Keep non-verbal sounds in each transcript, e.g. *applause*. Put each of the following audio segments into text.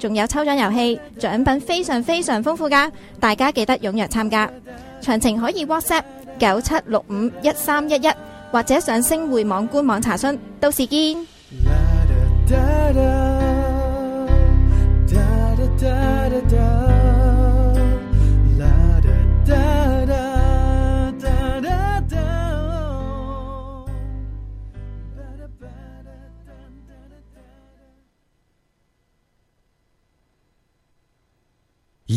仲有抽獎遊戲，獎品非常非常豐富㗎，大家記得踴躍參加。詳情可以 WhatsApp 九七六五一三一一，或者上星匯網官網查詢。到時見。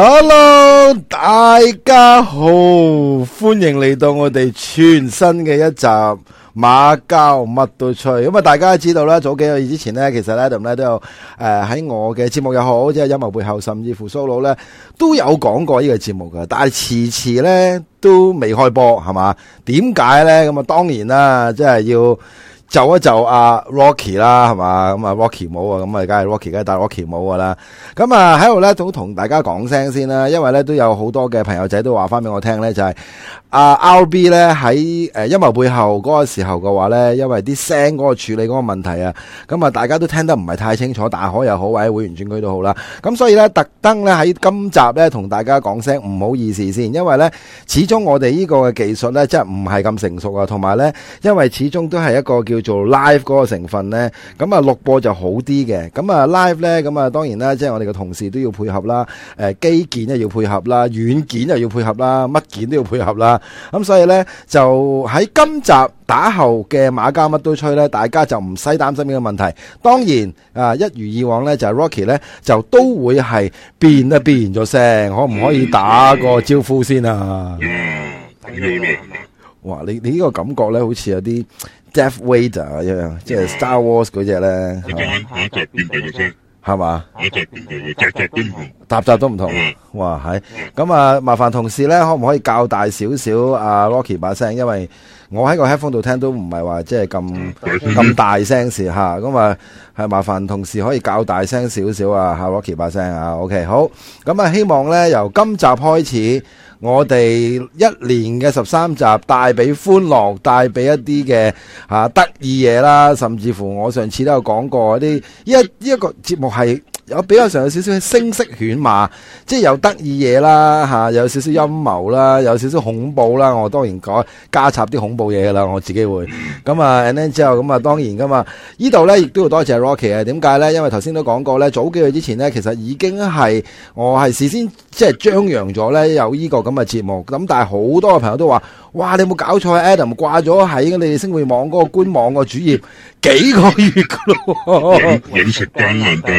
Hello，大家好，歡迎嚟到我哋全新嘅一集馬交乜都吹。咁啊，大家知道啦，早幾個月之前呢，其實呢，Adam 咧都有誒喺、呃、我嘅節目又好，即係音樂背後，甚至乎蘇佬呢，都有講過呢個節目嘅。但係遲遲呢都未開播，係嘛？點解呢？咁啊，當然啦，即係要。就一就阿 Rocky 啦，係嘛咁啊 Rocky 冇啊，咁啊梗係 Rocky 梗係戴 Rocky 冇噶啦。咁啊喺度咧，都同大家講聲先啦，因為咧都有好多嘅朋友仔都話翻俾我聽咧，就係阿 RB 咧喺誒音樂背後嗰個時候嘅話咧，因為啲聲嗰個處理嗰個問題啊，咁啊大家都聽得唔係太清楚，大海又好，或者會員專區都好啦。咁所以咧，特登咧喺今集咧同大家講聲唔好意思先，因為咧始終我哋呢個嘅技術咧真係唔係咁成熟啊，同埋咧因為始終都係一個叫。叫做 live 嗰個成分咧，咁啊錄播就好啲嘅，咁啊 live 咧，咁啊當然啦，即係我哋嘅同事都要配合啦，誒機件咧要配合啦，軟件又要配合啦，乜件都要配合啦，咁所以咧就喺今集打後嘅馬交乜都吹咧，大家就唔使擔心呢個問題。當然啊，一如以往咧，就係 Rocky 咧就都會係變啊變咗聲，可唔可以打個招呼先啊？哇！你你呢個感覺咧，好似有啲 Death Vader 一樣，即係 Star Wars 嗰隻咧，係嘛？搭集，集，集都唔同，同，哇！係咁啊，麻煩同事咧，可唔可以較大少少阿 Rocky 把聲，因為。我喺個 headphone 度聽都唔係話即係咁咁大聲事吓，咁啊係麻煩同事可以搞大聲少少啊，下 Rocky 把聲啊，OK，好，咁啊希望呢由今集開始，我哋一年嘅十三集帶俾歡樂，帶俾一啲嘅吓得意嘢啦。甚至乎我上次都有講過一啲，呢一依一、呢個節目係。有比較上有少少聲色犬馬，即係有得意嘢啦，有少少陰謀啦，有少少恐怖啦。我當然講加插啲恐怖嘢嘅啦，我自己會咁啊。And then 之後咁啊，當然噶嘛。呢度呢，亦都要多謝 Rocky 啊。點解呢？因為頭先都講過呢，早幾日之前呢，其實已經係我係事先即係張揚咗呢，有呢個咁嘅節目。咁但係好多嘅朋友都話：哇！你有冇搞錯？Adam 掛咗喺你哋星匯網嗰個官網個主頁幾個月噶咯，揾食艱難啲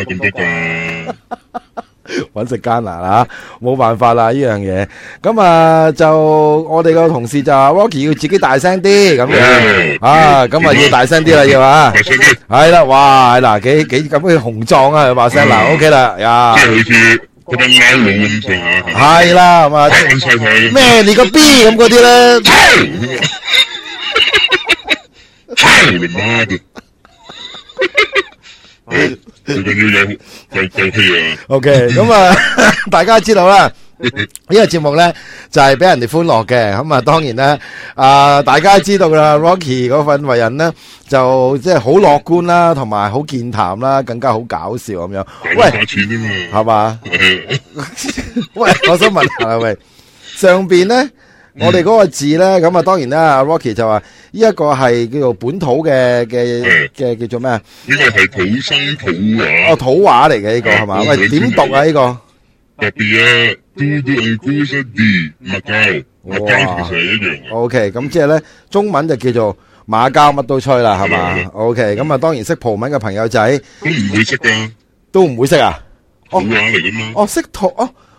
啊，點點點，揾食艱難啊，冇辦法啦呢樣嘢。咁啊，就我哋個同事就話，Rocky 要自己大聲啲咁啊，咁啊要大聲啲啦要啊，係啦，哇，嗱幾幾咁嘅雄壯啊，把聲嗱，OK 啦，呀，即係好似佢班拉零零蛇，係啦，咁啊，咩你個 B 咁嗰啲咧？我哋媽嘅，你你你有有有氣啊？OK，咁啊，大家知道啦。呢個節目咧就係俾人哋歡樂嘅。咁啊，當然啦啊，大家知道啦。Rocky 嗰份為人咧就即係好樂觀啦，同埋好健談啦，更加好搞笑咁樣。喂，係嘛？喂，我想問下喂，上邊咧？我哋嗰個字咧，咁啊，當然啦，阿 Rocky 就話呢一個係叫做本土嘅嘅嘅叫做咩啊？呢個係土生土話。哦，土話嚟嘅呢個係嘛？喂，點讀啊？呢個特別啊，豬頓豬生地馬膠馬膠唔死樣啊！OK，咁即係咧，中文就叫做馬交乜都吹啦，係嘛？OK，咁啊，當然識葡文嘅朋友仔都唔會識啊，都唔會識啊？土話嚟噶嘛？我識土哦。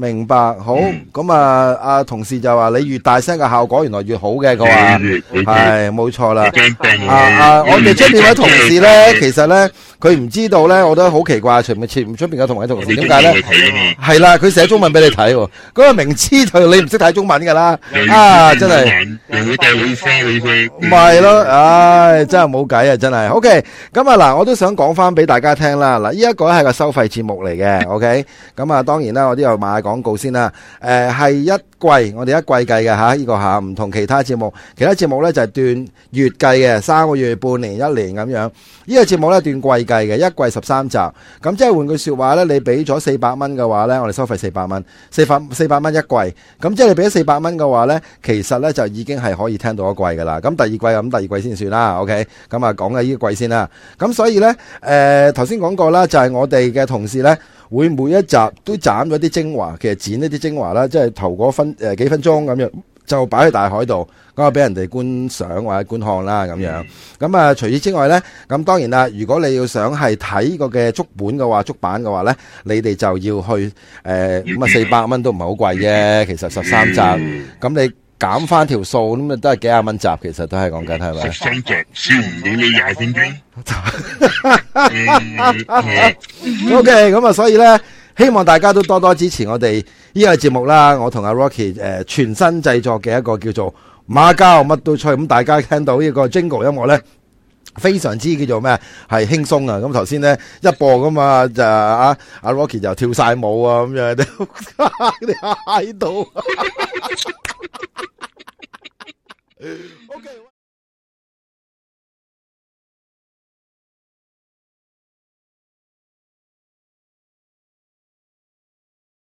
明白，好，咁、嗯、啊，啊、嗯、同事就話你越大聲嘅效果，原來越好嘅，佢話係冇錯啦。啊，我哋出面位同事咧，其實咧。佢唔知道咧，我都好奇怪，全部唔出面嘅同埋同事，點解咧？係啦，佢寫中文俾你睇喎，咁啊明知就你唔識睇中文噶啦，啊真係，唔會帶會翻去嘅。唔係咯，唉，真係冇計啊，真係。OK，咁啊嗱，我都想講翻俾大家聽啦。嗱，呢一個咧係個收費節目嚟嘅，OK。咁啊當然啦，我都又賣廣告先啦。誒，係一季，我哋一季計嘅吓，呢個吓唔同其他節目，其他節目咧就係段月計嘅，三個月、半年、一年咁樣。呢個節目咧一段季。計嘅一季十三集，咁即係換句說話咧，你俾咗四百蚊嘅話咧，我哋收費四百蚊，四百四百蚊一季，咁即係你俾咗四百蚊嘅話咧，其實咧就已經係可以聽到一季噶啦，咁第二季，咁第二季先算啦，OK，咁啊講緊呢季先啦，咁所以咧，誒頭先講過啦，就係、是、我哋嘅同事咧會每一集都斬咗啲精華，其實剪一啲精華啦，即、就、係、是、頭嗰分誒、呃、幾分鐘咁樣。就擺喺大海度，咁啊俾人哋觀賞或者觀看啦咁樣。咁啊除此之外咧，咁當然啦，如果你要想係睇個嘅足本嘅話、足版嘅話咧，你哋就要去誒，咁啊四百蚊都唔係好貴啫。其實十三集，咁你減翻條數咁啊都係幾廿蚊集，其實都係講緊係咪？十三集笑你曳片片。O K，咁啊，所以咧。希望大家都多多支持我哋呢個節目啦！我同阿 Rocky 誒、呃、全新製作嘅一個叫做馬交乜都吹咁，大家聽到呢個 Jingle 音樂咧，非常之叫做咩係輕鬆啊！咁頭先咧一播咁嘛就啊阿 Rocky 就跳晒舞啊咁樣，哈哈哈！你吓到啊！ *laughs* *laughs* okay.